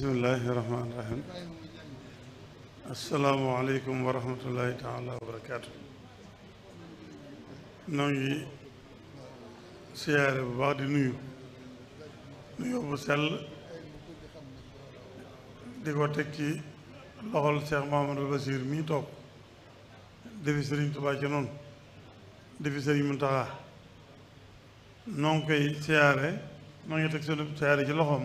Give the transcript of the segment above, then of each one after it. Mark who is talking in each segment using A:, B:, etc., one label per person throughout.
A: bismillahi rahmaani rahim asalaamualeykum wa rahmatullahi taala wa barakaatu noo ngi siyaare bu baax di nuyu nuyu bu sell di ko teg ci loxol Cheikh Mahamadou Basir mii toog defi sëriñ Tubaa ci noonu defi sëriñ Muntaxa noo ngi koy siyaare noo ngi teg sunu siyaare ci loxoom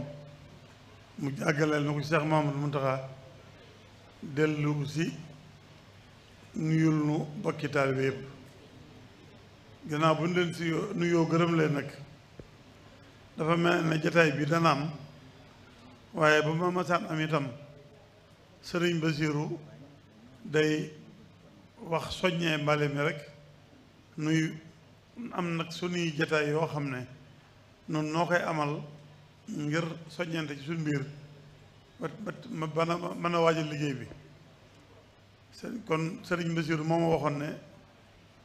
A: mu jàggaleel na ko Cheikh Mamadou Mountakha dellu si nuyul nu bokki taalibe yëpp gannaaw bu ñu leen si nuyoo gërëm leen nag dafa mel ne jataay bi dana am waaye ba ma masaan am itam sëriñ ba Basiiru day wax soññee mbale mi rek nuy am nag sunuy jataay yoo xam ne nun noo koy amal ngir soññante ci suñ mbiir ba ma bana mën a waajal liggéey bi kon sëriñ Basiru moo ma waxoon ne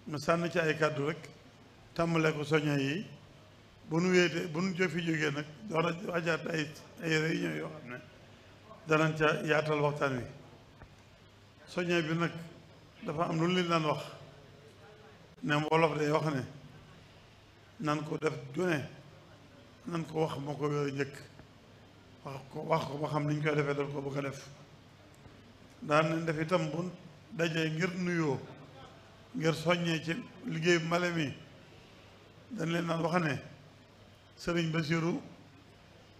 A: nu sànn ci ay kàddu rek tàmbalee ko soñña yi bu nu wéetee bu nu jofi jógee nag door a wajaat ay ay réunion yoo xam ne danañ ca yaatal waxtaan wi soñña bi nag dafa am lu leen daan wax ne wolof day wax ne nan ko def jone nan ko wax moo ko wér a njëkk wax ko wax ko ba xam ni koy defee daf ko bëgg a def daan nañ def itam bu dajee ngir nuyoo ngir soññee ci liggéey bu male mi dañ leen naan wax ne sëriñ ba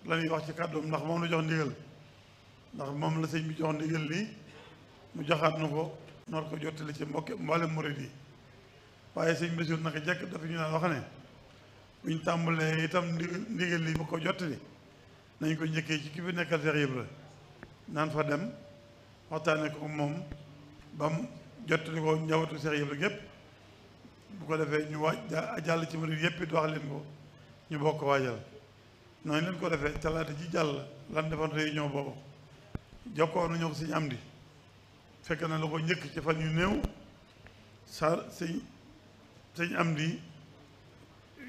A: la ñuy wax ci kàddoom ndax moom la jox ndigal ndax moom la sëñ bi jox ndigal lii mu joxaat nu ko noor ko jottali ci mbokki mboolem murid yi waaye sëñ Basiru naka jekk dafa ñu naan wax ne buñ tàmbalee itam ndigal li ba ko jottali nañ ko njëkkee ci ki fi nekkal Cheikh Ibra naan fa dem waxtaane ko moom ba mu jottali ko njabootu Cheikh Ibra gépp bu ko defee ñu waaj jàll ci murid yépp it wax leen ko ñu bokk waajal noonu leen ko defee talaata ji jàll lan defoon réunion boobu jokkoo nañoo ko sëñ Amdi fekk na la ko njëkk ci fan yu néew sa sëñ sëñ Amdi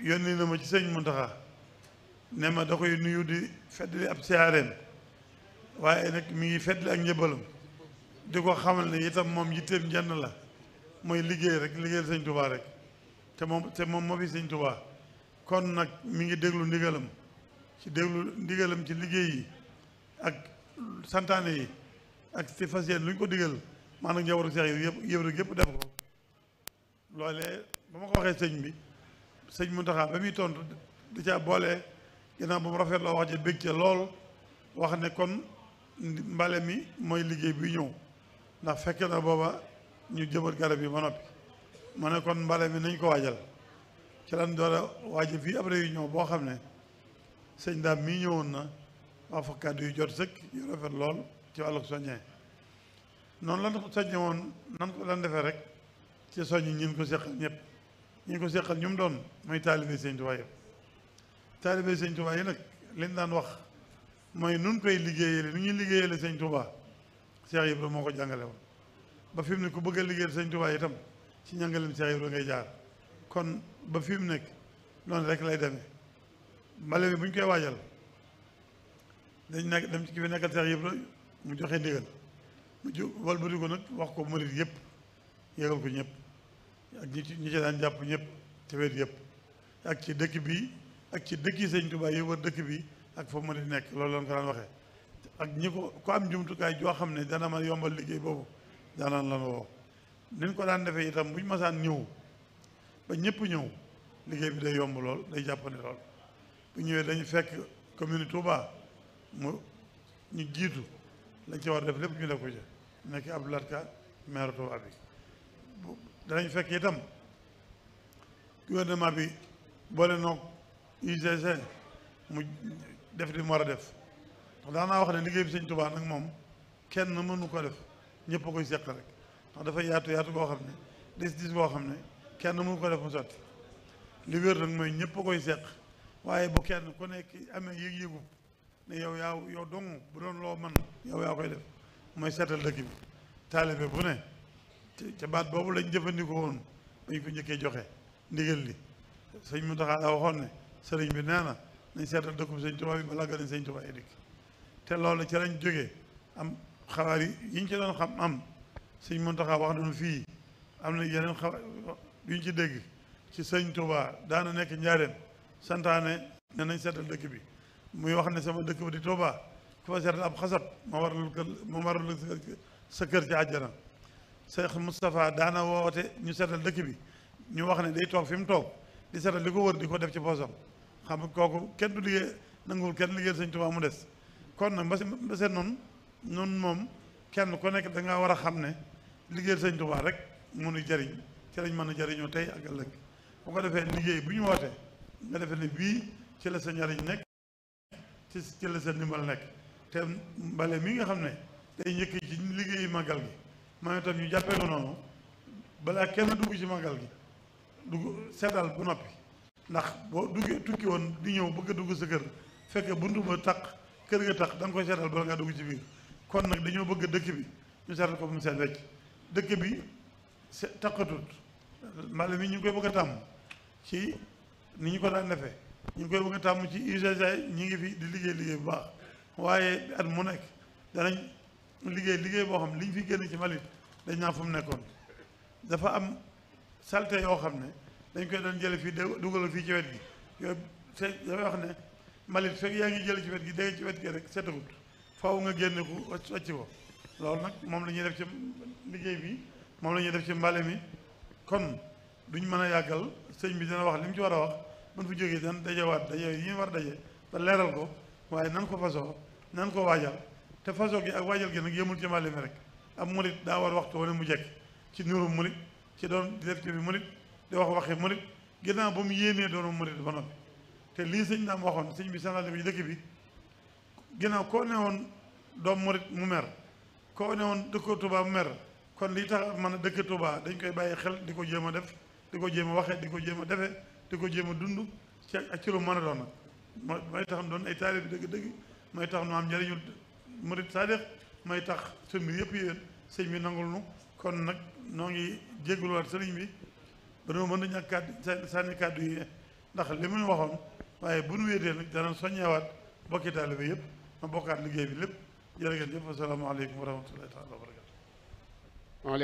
A: yónni na ma ci sëñ Muntaxa ne ma da koy nuyu di feddli ab siyaareem waaye nag mi ngi feddli ak njëbalam di ko xamal ne itam moom yitteem jenn la mooy liggéey rek liggéeyal sëñ Tuubaa rek te moom te moom moo fi sëñ Tuubaa kon nag mi ngi déglu ndigalam ci déglu ndigalam ci liggéey yi ak santaane yi ak ci fas lu ñu ko digal maa njaboot ak seex yi yëpp yëpp def ko loolee ba ma ko waxee sëñ bi sëñ Muntaxa ba muy ton da caa boole ginnaaw ba mu rafetloo wax ja bég ca lool wax ne kon mbale mi mooy liggéey bi ñëw ndax fekk na booba ñu jëmbat garab yi ba noppi ma ne kon mbale mi nañ ko waajal ci lan door a waaja fii ab réunion boo xam ne sëñ daam mii ñëwoon na wax fa kàddu yu jot sëkk yu rafet lool ci wàllu soññee noonu lan soññe woon nan ko lan defee rek ci soññ ñin ko seqal ñëpp ñu ko seqal ñu mu doon mooy taalibe sëñ Tuubaa yëpp taalibe sëñ Tuubaa yi nag liñ daan wax mooy nun koy liggéeyee liggéeyale nu ñuy liggéeyale sëñ Tuubaa yëpp Ibra moo ko jàngale woon ba fi mu ne ku bëgg a liggéeyal itam ci njàngaleem Cheikh Ibra ngay jaar kon ba fi mu nekk noonu rek lay demee mbale mi bu ñu koy waajal dañ nekk dem ci ki fi nekkal Cheikh Ibra mu joxe ndigal mu ju walbati ko nag wax ko murit yëpp yëgal ko ñëpp ak ñi ci ñi ci daan jàpp ñëpp ci wet yëpp ak ci dëkk bi ak ci dëkk yi sëñ Tuubaa yi wër dëkk bi ak fa mu di nekk loolu lañ ko daan waxee ak ñi ko ku am jumtukaay joo xam ne dana ma yombal liggéey boobu daanaan lan woo niñ ko daan defee itam buñ masaan ñëw ba ñëpp ñëw liggéey bi day yomb lool day jàppandi lool bu ñëwee dañu fekk commune Touba mu ñu jiitu lañ ci war def lépp ñu def ko ci nekk Abdou maire Touba bi danañ fekk itam gouvernement bi boole noog UGC mu def li mu war a def ndax naa wax ne liggéey bi sëñ Tuubaa nag moom kenn mënu ko def ñëpp koy seq rek ndax dafay yaatu yaatu boo xam ne dis dis boo xam ne kenn mënu ko def mu sotti li mooy ñëpp koy seq waaye bu kenn ku nekk amee yëg-yëgu ne yow yaaw yow dong bu doon loo mën yow yaa koy def mooy seetal dëkk bi taalibe bu ne ca baat boobu lañ jëfandikoo woon bañ ko njëkkee joxe ndigal li sëñ Muntaxa daa waxoon ne sëriñ bi nee na nañ seetal dëkkub sëñ Tuubaa bi balaa gën a sëñ Tuubaa yi dikk te loolu ci lañ jógee am xabaar yi yi xam am sëñ Muntaxa wax nañu fii am na yeneen xabaar yu ci dégg ci sëñ Tuubaa daana nekk njaareem santaane ne nañ seetal dëkk bi muy wax ne sama dëkk bi di Tuubaa ku fa seetal ab xasab ma war lu kër ma war lu sa kër ci àjjana Cheikh Moustapha daana woote ñu setal dëkk bi ñu wax ne day toog fi mu toog di seetal li ko wër di ko def ci poosam xam nga kooku kenn du liggéey nanguwul kenn liggéeyal Sëñ Tuubaa mu des kon nag ba mbase noonu noonu moom kenn ku nekk da nga war a xam ne liggéeyal Sëñ Tuubaa rek munu jariñ ci lañ mën a jariñoo tey ak ëllëg bu ko defee liggéey bu ñu wootee nga defee ne bii ci la sa njariñ nekk ci ci la sa ndimbal nekk te mbale mi nga xam ne day njëkk ci liggéeyu màggal gi man itam ñu jàppee ko noonu balaa kenn dugg ci màggal gi dugg seetal bu noppi ndax boo duggee tukki woon di ñëw bëgg a dugg sa kër fekk buntu ba taq kër ga taq da koy seetal bala ngaa dugg ci biir kon nag dañoo bëgg dëkk bi ñu seetal ko bu mu seet wecc dëkk bi se taqatut mbale mi ñu ngi koy bëgg a tàmm ci ni ñu ko daan defee ñu ngi koy bëgg a tàmm ci UGC ñi ngi fi di liggéey liggéey bu baax waaye at mu nekk danañ liggéey liggéey boo xam ne li ñu fi génn ci mbalit dañ naa fu mu nekkoon dafa am salte yoo xam ne dañ koy doon jële fii dugal fii ci wet gi yooyu c'est dafay wax ne mbalit fekk yaa ngi jële ci wet gi dégg ci wet gi rek setagut faaw nga génne ko wàcc ko loolu nag moom la ñuy def ci liggéey bi moom la ñuy def ci mbale mi kon duñ mën a yàggal sëñ bi dina wax li mu ci war a wax mën fu jógee dan dajewaat daje yi ñu war daje ba leeral ko waaye nan ko fasoo nan ko waajal te façon gi ak waajal gi nag yëmul ci màlle rek am murit daa war waxtu wane mu jekk ci nuru murit ci doon directeur bi murit di wax waxi murit ginnaaw ba mu yéenee doonu murit ba te lii sëñ naam waxoon sëñ bi bi ci dëkk bi ginnaaw koo ne woon mu mer koo ne woon dëkko Tuubaa mu mer kon lii tax man a dëkk tubaa dañ koy bàyyi xel di ko jéem a def di ko jéem a waxee di ko jëm a defee di ko jéem a dund ci ak ci lu nag mooy tax doon ay taalibe dëgg-dëgg mooy tax nu am njëriñu murid saadiq may tax sa mbir yëpp yéen sëñ bi nangul nu kon nag noo ngi jégaluwaat sëriñ bi dañoo mën nañ ñàkk kàddu sànni kàddu yi ndax li muy waxoon waaye bu nu wéetee nag dana soññeewaat bokki taalibe yëpp ma bokkaat liggéey bi lépp jërë ngeen jëf asalaamaaleykum wa rahmatullahi taala wa barakatu